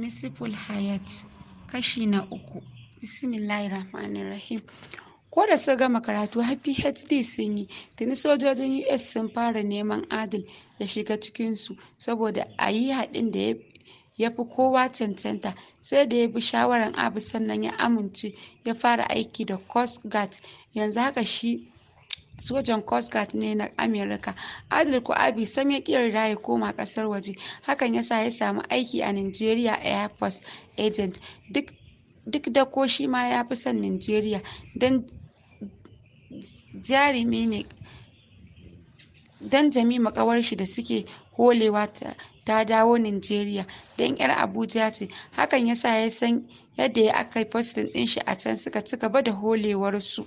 nisiful hayat kashi na uku bismillahir rahmanir rahim ko da suka gama karatu har phd sun yi tuni sojojin us sun fara neman adil ya shiga cikinsu saboda a yi haɗin da ya fi kowa cancanta sai da ya bi shawaran abu sannan ya amince ya fara aiki da coast guard yanzu haka shi sojan coast guard ne na Amerika adil ko abi sam ya yarda ya koma kasar waje hakan ya sa ya samu aiki a nigeria air force agent duk da ko shi ma ya fi son nigeria don jarumi ne don jamima kawar shi da suke holewa ta dawo Nigeria don 'yar Abuja ce hakan yasa ya san yadda ya aka yi ɗin shi a can suka ci gaba da holewarsu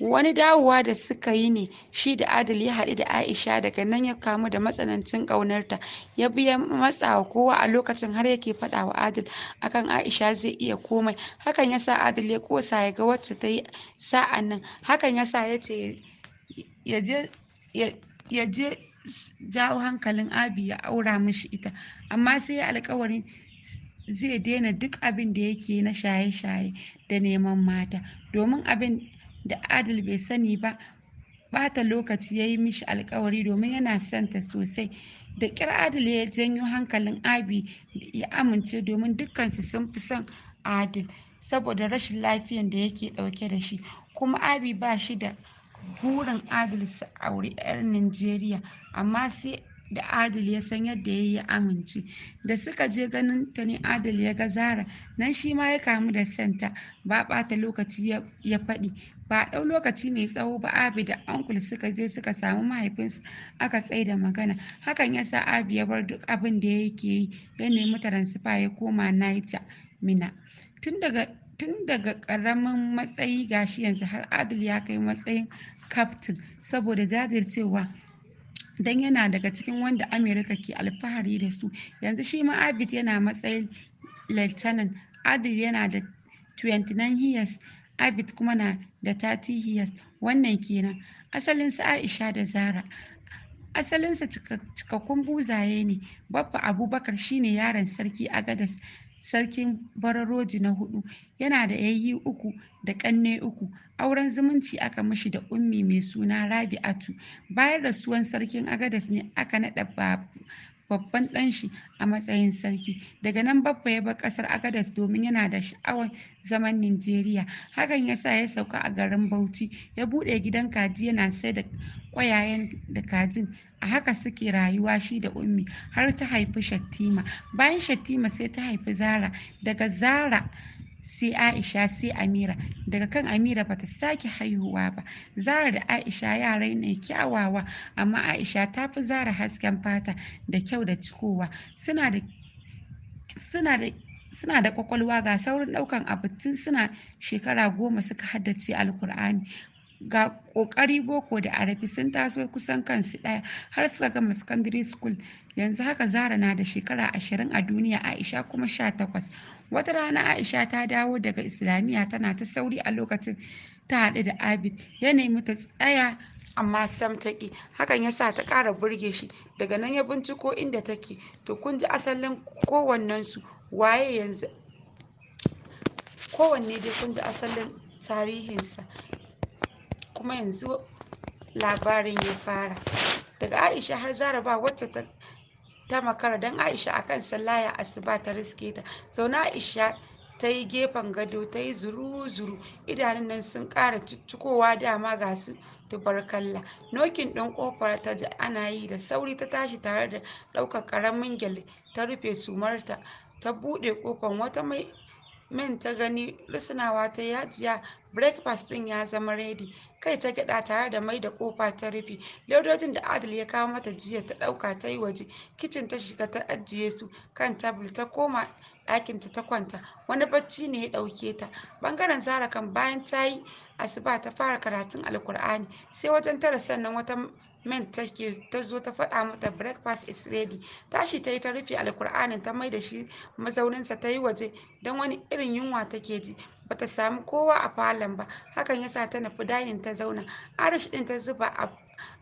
wani dawowa da suka yi ne shi da adil ya haɗu da aisha daga nan ya kamu da matsanancin ƙaunarta ya biya matsa kowa a lokacin har yake faɗa wa adil akan aisha zai iya komai hakan ya sa adil ya kosa ya ga wacce ta yi sa'an nan hakan ya sa ya ce ya je jawo hankalin abi ya aura mishi ita amma sai ya alkawarin zai daina duk abin da yake na shaye-shaye da neman mata domin abin da adil bai sani ba bata lokaci ya yi mishi alkawari domin yana son ta sosai da kyar adil ya janyo hankalin abi ya amince domin dukkansu sun fi son adil saboda rashin lafiyan da yake dauke da shi kuma abi ba shi da burin adil su auri 'yar najeriya amma sai da adil ya san yadda ya yi amince da suka je ganin ta ne adil ya ga zara nan shi ma ya kamu da santa ba ɓata lokaci ya faɗi ba a ɗau lokaci mai tsawo ba abi da ankul suka je suka samu mahaifinsu aka tsai da magana hakan ya sa abi ya bar duk abin da yake yi ya nemi taransifa ya koma niger mina tun daga tun ƙaramin matsayi gashi yanzu har adil ya kai matsayin kaftin saboda jajircewa don yana daga cikin wanda amerika ke alfahari da su yanzu shi ma abid yana matsayin lieutenant adil yana da 29 years Abid kuma na da tatihiyas wannan kenan asalin su Aisha da Zara asalinsa cikakkun buzaye ne babba abubakar shine yaron sarki agadas sarkin barorodi na hudu yana da yayyi uku da kanne uku auren zumunci aka mishi da ummi mai suna rabi'atu bayan rasuwan sarkin agadas ne aka naɗa babban ɗan shi a matsayin sarki daga nan babba ya bar ƙasar agadas domin yana da sha'awar zaman Nijeriya hakan ya sa ya sauka a garin Bauchi ya buɗe gidan kaji yana sai da ƙwayayen da kajin a haka suke rayuwa shi da ummi har ta haifi Shattima bayan Shattima sai ta haifi Zara daga Zara sai Aisha sai Amira daga kan Amira bata sake haihuwa ba Zara da Aisha yarai ne kyawawa amma Aisha ta fi Zara hasken fata da kyau da cikowa suna da suna da suna da kwakwalwa ga saurin daukan abu tun suna shekara goma suka haddace alkur'ani ga ƙoƙari boko da arabi sun taso kusan kansu ɗaya har suka gama secondary school yanzu haka zara na da shekara ashirin a duniya aisha kuma sha takwas wata rana aisha ta dawo daga islamiyya tana ta sauri a lokacin ta haɗu da abid ya nemi ta tsaya amma sam ƙi, hakan ya sa ta ƙara burge shi daga nan ya binciko inda take to kun ji asalin kowannensu waye yanzu kowanne dai kun ji asalin tarihinsa kuma yanzu labarin ya fara daga aisha har zara ba wacce ta ta makara don aisha akan ya asuba ta riske ta zaune aisha ta yi gefen gado ta yi zuru-zuru idanun nan sun ƙara ciccikowa dama ga su tubarkalla nokin ɗin ƙofar ta ji ana yi da sauri ta tashi tare da ɗaukar ƙaramin gyale ta rufe sumarta ta buɗe ƙofar wata mai min ta gani rusunawa ta yajiya breakfast din ya zama redi. kai ta gida tare da mai da kofa ta rufe ledojin da adil ya kawo mata jiya ta dauka ta yi waje kicin ta shiga ta ajiye su kan tabul ta koma ɗakinta ta kwanta wani bacci ne ya ɗauke ta bangaren zara kan bayan ta yi asuba ta fara karatun alkur'ani sai wajen tara sannan wata take ta zo ta faɗa mata breakfast is ready tashi ta yi ta rufe alkur'anin ta mai da shi mazauninsa ta yi waje don wani irin yunwa take ji bata samu kowa a falon ba hakan yasa ta nufi dainin ta zauna arish din ta zuba a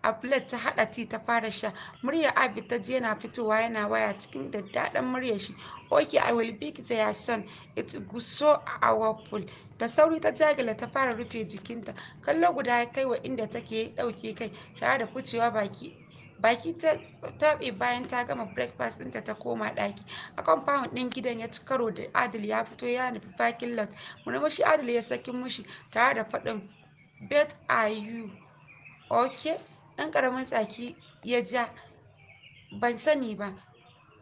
a plate ta haɗa ti ta fara sha murya abi ta je yana fitowa yana waya cikin daddadan muryar shi okay i will be their son it's guso awful da sauri ta jagila ta fara rufe jikinta kallo guda ya kai wa inda take ɗauke kai tare da ficewa baki baki ta tabe bayan ta gama breakfast ɗinta ta koma ɗaki a compound ɗin gidan ya ci karo da adil ya fito ya nufi parking lot shi adil ya saki mushi tare da faɗin bet are you ok ɗan ƙaramin tsaki ya ja ban sani ba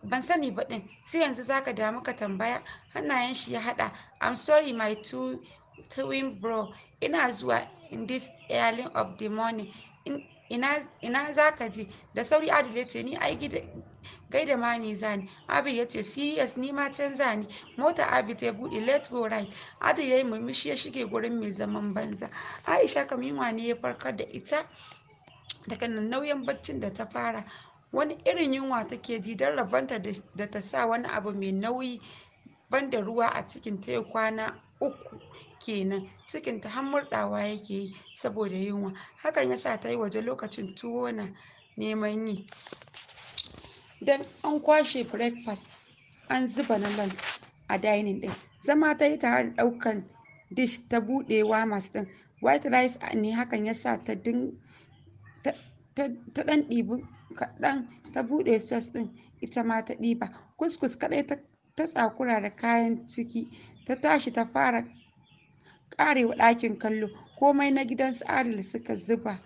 ban sani ba ɗin sai yanzu zaka damu ka tambaya hannayen shi ya haɗa i'm sorry my two twin bro ina zuwa in this early of the morning ina, ina za ka je da sauri adile ce ni ai gaida mami zani abid ya ce serious ni ma canza ne. mota abid ta buɗe let go right adil ya yi murmushi ya shige gurin mai zaman banza aisha kamima ne ya farkar da ita daga nauyin baccin da ta fara wani irin yunwa take ji don rabanta da ta sa wani abu mai nauyi ban da ruwa a cikin ta kwana uku kenan cikin ta har murɗawa yake yi saboda yunwa hakan ya sa ta yi waje lokacin tuwo na neman yi don an kwashe breakfast an zuba na lunch a dining din zama ta yi tare da daukan dish ta buɗewa masu ɗin white rice ne hakan ya sa ta ɗan ɗibi kaɗan ta buɗe sauce ɗin ita ma ta ɗiba kuskus kaɗai ta tsakura da kayan ciki ta tashi ta fara ƙarewa ɗakin kallo komai na gidan su adal suka zuba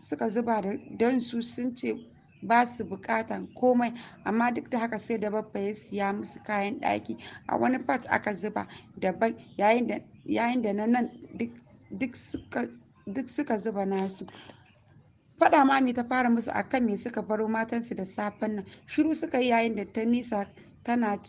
suka zuba da don su sun ce ba su bukatan komai amma duk da haka sai da babba ya siya musu kayan ɗaki a wani fat aka zuba daban yayin da na nan duk suka zuba nasu faɗa mami ta fara musu akan me suka baro matansu da safen nan shiru suka yi yayin da ta nisa tana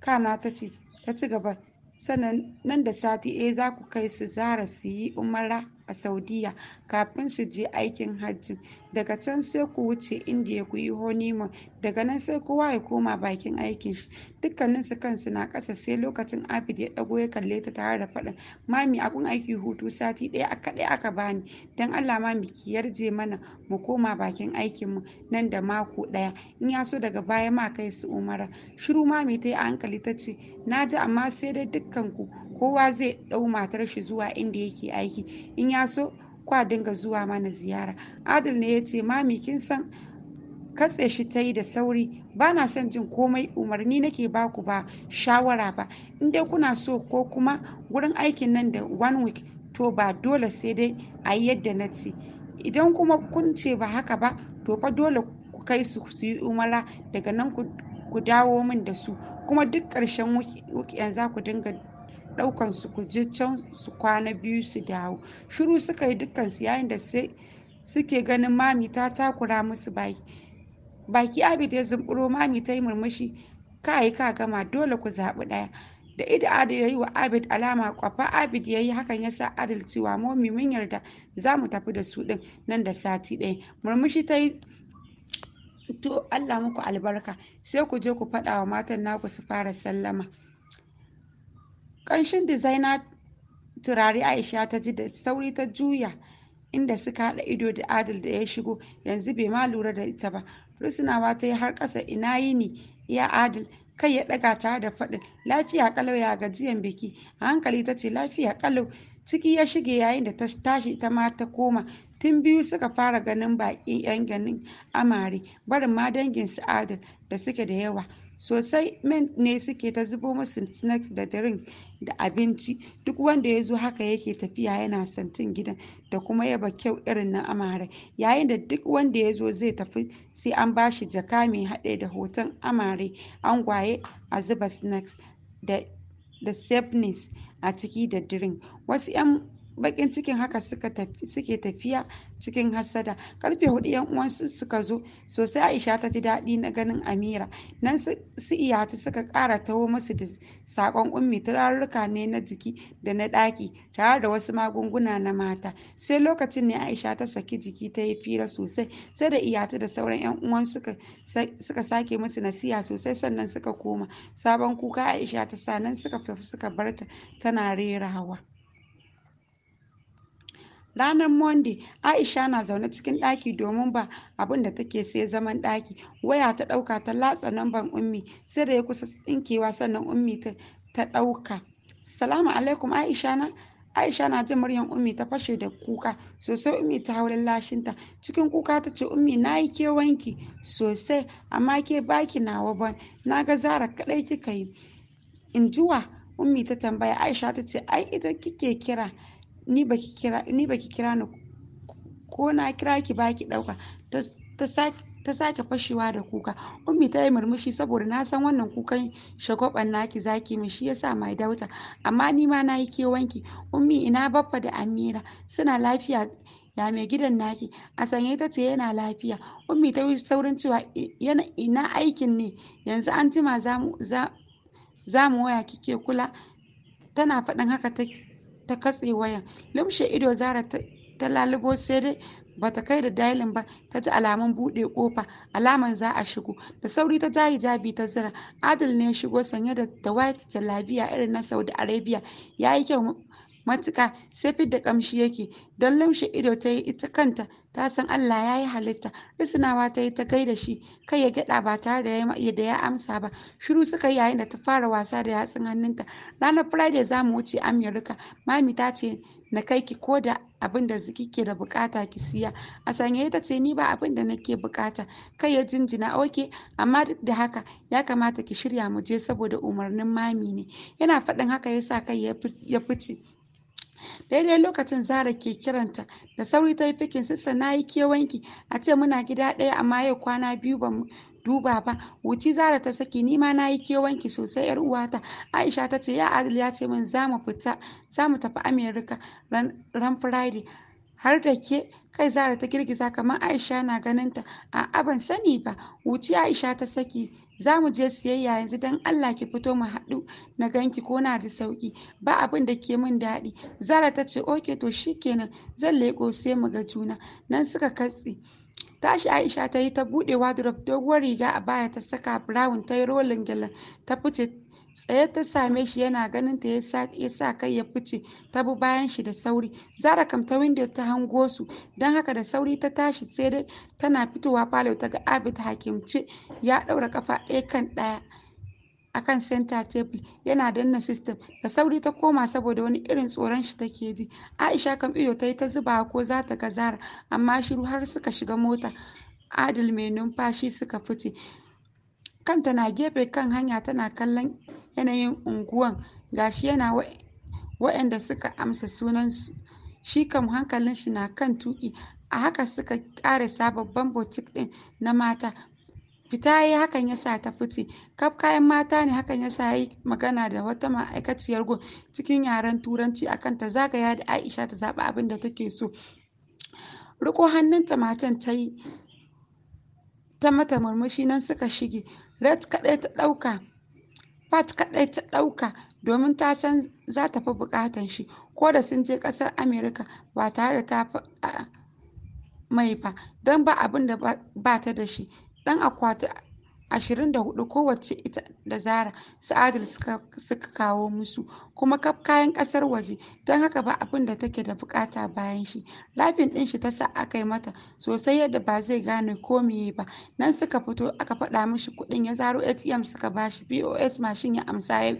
kana ta ce ta ci gaba sannan nan da sati eh za ku kai su zara su yi umara a Saudiyya, kafin su je aikin hajji. Daga can sai ku wuce Indiya ku yi honeymoon daga nan sai kowa ya koma bakin aikin shi. Dukkaninsu kansu na ƙasa sai lokacin Abid ya ɗago ya kalle ta tare da faɗin mami a aiki hutu sati ɗaya aka ɗaya aka bani don Allah mami ki yarje mana mu koma bakin aikin mu nan da mako ɗaya in ya so daga baya ma kai su umara shiru mami ta yi a hankali ta ce na ji amma sai dai dukkan ku kowa zai ɗau matar shi zuwa inda yake aiki in ya so kwa dinga zuwa mana ziyara adil ne ya ce mami kin san katse shi ta yi da sauri ba na son jin komai umarni nake baku ba shawara ba in dai kuna so ko kuma wurin aikin nan da one week to ba dole sai dai a yi yadda na ce idan kuma kun ce ba haka ba to fa dole ku kai su su yi umara daga nan ku dawo min da su kuma duk ƙarshen weekend za ku dinga ɗaukan su ku je can su kwana biyu su dawo shiru suka yi dukkansu yayin da sai suke ganin mami ta takura musu baki baki abid ya zumburo mami ta yi murmushi kai ka gama dole ku zaɓi ɗaya da ida adil ya yi wa abid alama kwafa abid ya yi hakan ya sa adil cewa momi mun yarda za mu tafi da su ɗin nan da sati ɗaya murmushi ta yi to allah muku albarka sai ku je ku faɗa wa matan naku su fara sallama ƙanshin dizaina turare aisha ta ji da sauri ta juya inda suka haɗa ido da adil da ya shigo yanzu bai ma lura da ita ba rusunawa ta yi har ƙasa ina yi yini iya adil kai ya ɗaga tare da faɗin lafiya ƙalau ya gajiyan biki a hankali ta ce lafiya ƙalau. ciki ya shige yayin da ta tashi ta ma ta koma tun biyu suka fara ganin baƙi yan ganin amare barin ma dangin su adil da suke da yawa sosai men ne suke ta zubo musu snacks da drink da abinci duk wanda ya zo haka yake tafiya yana santin gidan da kuma yaba kyau irin na amare yayin da duk wanda ya zo zai tafi sai an bashi jaka mai haɗe da hoton amare an angwaye a zuba snacks da da a ciki da drink wasu 'yan bakin cikin haka suke tafiya cikin hassada karfe hudu yan uwansu suka zo sosai aisha ta ji daɗi na ganin amira nan su iyata suka ƙara taho musu da sakon ummi turarruka ne na jiki da na ɗaki tare da wasu magunguna na mata sai lokacin ne aisha ta saki jiki ta yi fira sosai sai da iyata da sauran yan uwan suka sake musu nasiha sosai sannan suka koma sabon kuka aisha ta sa nan suka tafi suka barta tana rera ranar monday aisha na zaune cikin ɗaki domin ba abin da take sai zaman ɗaki waya ta ɗauka ta latsa namban ummi sai da ya kusa tsinkewa sannan ummi ta ɗauka salamu alaikum aisha na Aisha na jin muryan Ummi ta fashe da kuka sosai Ummi ta hau lashinta cikin kuka ta ce Ummi na yi kewanki sosai amma ke baki nawa ban na ga zara kadai kika yi. Injuwa Ummi ta tambaya Aisha ta ce ai ita kike kira ni baki kira ni baki kira ni ko na kira ki baki dauka ta sake ta sake fashewa da kuka ummi ta yi murmushi saboda na san wannan kukan shagoban naki zaki min shi yasa mai dauta amma ni ma na yi kewanki ummi ina baffa da amira suna lafiya ya mai gidan naki a sanye ta ce yana lafiya ummi ta yi saurin cewa ina aikin ne yanzu an jima za mu waya kike kula tana faɗin haka ta katse wayan lumshe ido zara ta lalubo sai dai bata kai da dailin ba ta ji alamun bude kofa, alaman za a shigo da sauri ta ja hijabi ta zira adil ne ya shigo sanye da white jalabiya irin na saudi arabia ya yi kyau matuƙa sai fidda kamshi yake don laushe ido ta yi ita kanta ta san Allah ya yi halitta risinawa ta yi ta da shi kai ya gyaɗa ba tare da ya amsa ba shiru suka yi yayin da ta fara wasa da yatsun hannunta ranar friday za mu wuce amurka mami ta ce na kai ki ko da abin da ziki ke da bukata ki siya a sanyaye ta ce ni ba abin da nake bukata kai ya jinjina oke amma duk da haka ya kamata ki shirya mu je saboda umarnin mami ne yana faɗin haka yasa kai ya fice daidai lokacin zara ke kiranta da sauri ta yi fikin sissa na yi kewanki a ce muna gida ɗaya amma yau kwana biyu ba duba ba wuci zara ta saki ni ma nayi kewanki sosai yar uwata aisha ta ce ya adli ya ce min za mu fita za tafi america ran friday har da ke kai zara ta girgiza kamar aisha na ganinta A'a ban sani ba wuci aisha ta saki za mu je siyayya yanzu don Allah ki fito mu haɗu na ganki ko na da sauki ba abin da ke min daɗi zara ta ce oke to shikenan zan leƙo sai mu ga juna nan suka katse Tashi Aisha ta yi ta bude wardrobe doguwar riga a baya ta saka brown ta yi rolin gyalen ta fice, tsaye ta same shi yana ganin ta ya sa kai ya fice ta bi bayan shi da sauri. Zara kam ta windo ta hango su, don haka da sauri ta tashi sai dai tana fitowa falo ta ga Abid hakimce ya daura kafa ɗaya kan ɗaya. akan center table yana danna system da sauri ta koma saboda wani irin tsoron shi take ji aisha kam ido ta yi ta zuba ko za ta ga zara amma shiru har suka shiga mota adil mai numfashi suka fice kanta na gefe kan hanya tana kallon yanayin unguwan gashi yana waɗanda suka amsa sunan shi kam hankalin shi na kan tuki a haka suka ƙarasa babban botik ɗin na mata fita yi hakan yasa ta fice kaf kayan mata ne hakan yasa yi magana da wata ma'aikaciyar gun cikin yaren turanci akan ta zagaya da aisha ta zaɓa abinda da take so riko hannunta matan ta yi ta mata murmushi nan suka shige red kaɗai ta ɗauka pat kaɗai ta ɗauka domin ta san za ta fi buƙatan shi ko da sun je ƙasar amerika ba tare da ta mai ba don ba abin da ba ta da shi dan akwati hudu kowace ita da zara su adil suka kawo musu kuma kaf kayan kasar waje don haka ba abin da take da bukata bayan shi lafin din shi ta sa aka yi mata sosai yadda ba zai gane ko meye ba nan suka fito aka faɗa mishi kuɗin ya zaro atm suka bashi pos mashin ya amsa ya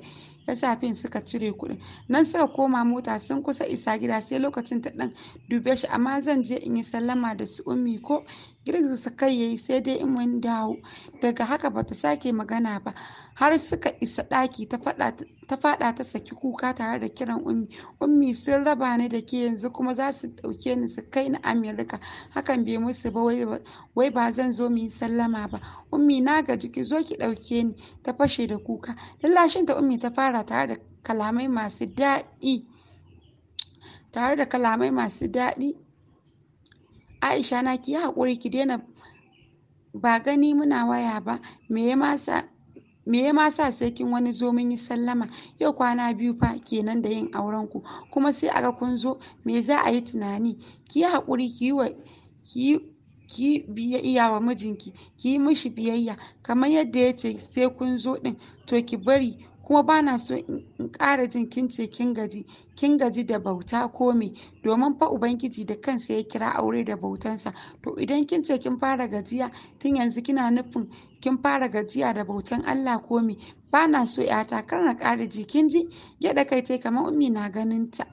da suka cire kuɗin nan suka koma mota sun kusa isa gida sai lokacin ta ɗan dube shi amma zan je in yi sallama da su ummi ko girgiza kai yayi sai dai in wani dawo daga haka bata sake magana ba har suka isa ɗaki ta faɗa ta saki kuka tare da kiran ummi ummi sun raba ni da ke yanzu kuma za su ɗauke ni su kai ni amerika hakan bai musu ba wai ba zan zo mu yi sallama ba ummi na gaji ki zo ki ɗauke ni ta fashe da kuka lallashin ta ummi ta fara tare da kalamai masu daɗi tare da kalamai masu daɗi aisha na ki yi haƙuri ki daina ba gani muna waya ba me ya masa me ya ma sa sai kin wani zo mun yi sallama yau kwana biyu fa kenan da yin auren ku kuma sai aga kun zo me za a yi tunani ki yi haƙuri ki yi wa ki biyayya wa mijinki ki yi mishi biyayya kamar yadda ya ce sai kun zo ɗin to ki bari kuma ba na so in ƙara jin kin ce kin gaji kin gaji da bauta ko me domin fa ubangiji da kansa ya kira aure da bautansa to idan kin ce kin fara gajiya tun yanzu kina nufin kin fara gajiya da bautan Allah ko me ba na so 'yata kar na ƙara ji kin ji gyaɗa kai tai kamar ummi na ganin ta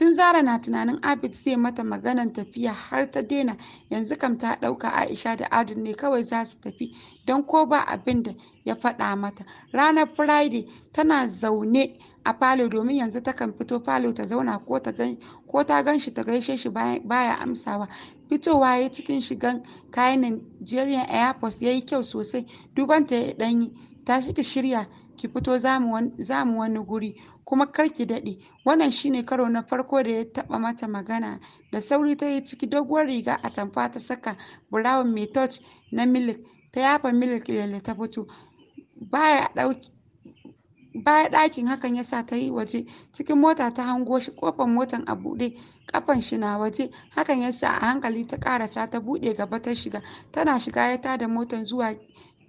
Tun Zara na tunanin Abid zai mata maganan tafiya har ta daina yanzu kam ta dauka Aisha da Adun ne kawai za su tafi don ko ba abin da ya faɗa mata. Ranar Friday tana zaune a falo domin yanzu takan fito falo ta zauna ko ta gan shi ta gaishe shi baya amsawa fitowa ya cikin shigan kayan Nigerian airport ya yi kyau sosai dubanta ya ɗanyi tashi ki shirya ki fito za mu wani guri kuma kar ki daɗe wannan shine karo na farko da ya taɓa mata magana da sauri ta yi ciki doguwar riga a tamfa ta saka brown mai touch na milik ta yafa milik yalle ta fito baya ɗakin hakan sa ta yi waje cikin mota ta hango shi kofar motan a buɗe kafan shi na waje hakan ya sa a hankali ta karasa ta buɗe gaba ta shiga tana shiga ya tada motar zuwa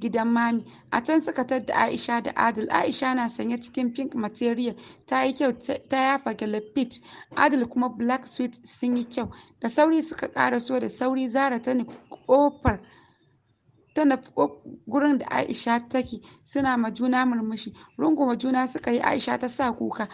gidan mami a can suka tadda aisha da adil aisha na sanye cikin pink material ta yi kyau ta yafa gele peach adil kuma black suit sun yi kyau da sauri suka ƙara so da sauri zara ta nufi ƙofar ta nufi gurin da aisha take suna ma juna murmushi runguma juna suka yi aisha ta sa kuka